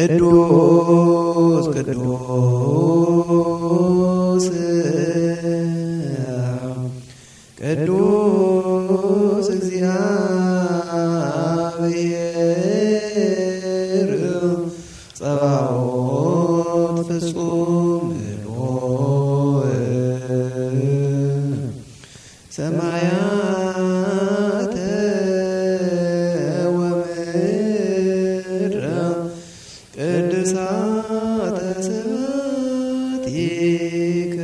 ቅዱስ ቅዱስ ቅዱስ እግዚአብሔር ጸባዖት ፍጹም ሎ ሰማያ ቅድሳተ ስብሐት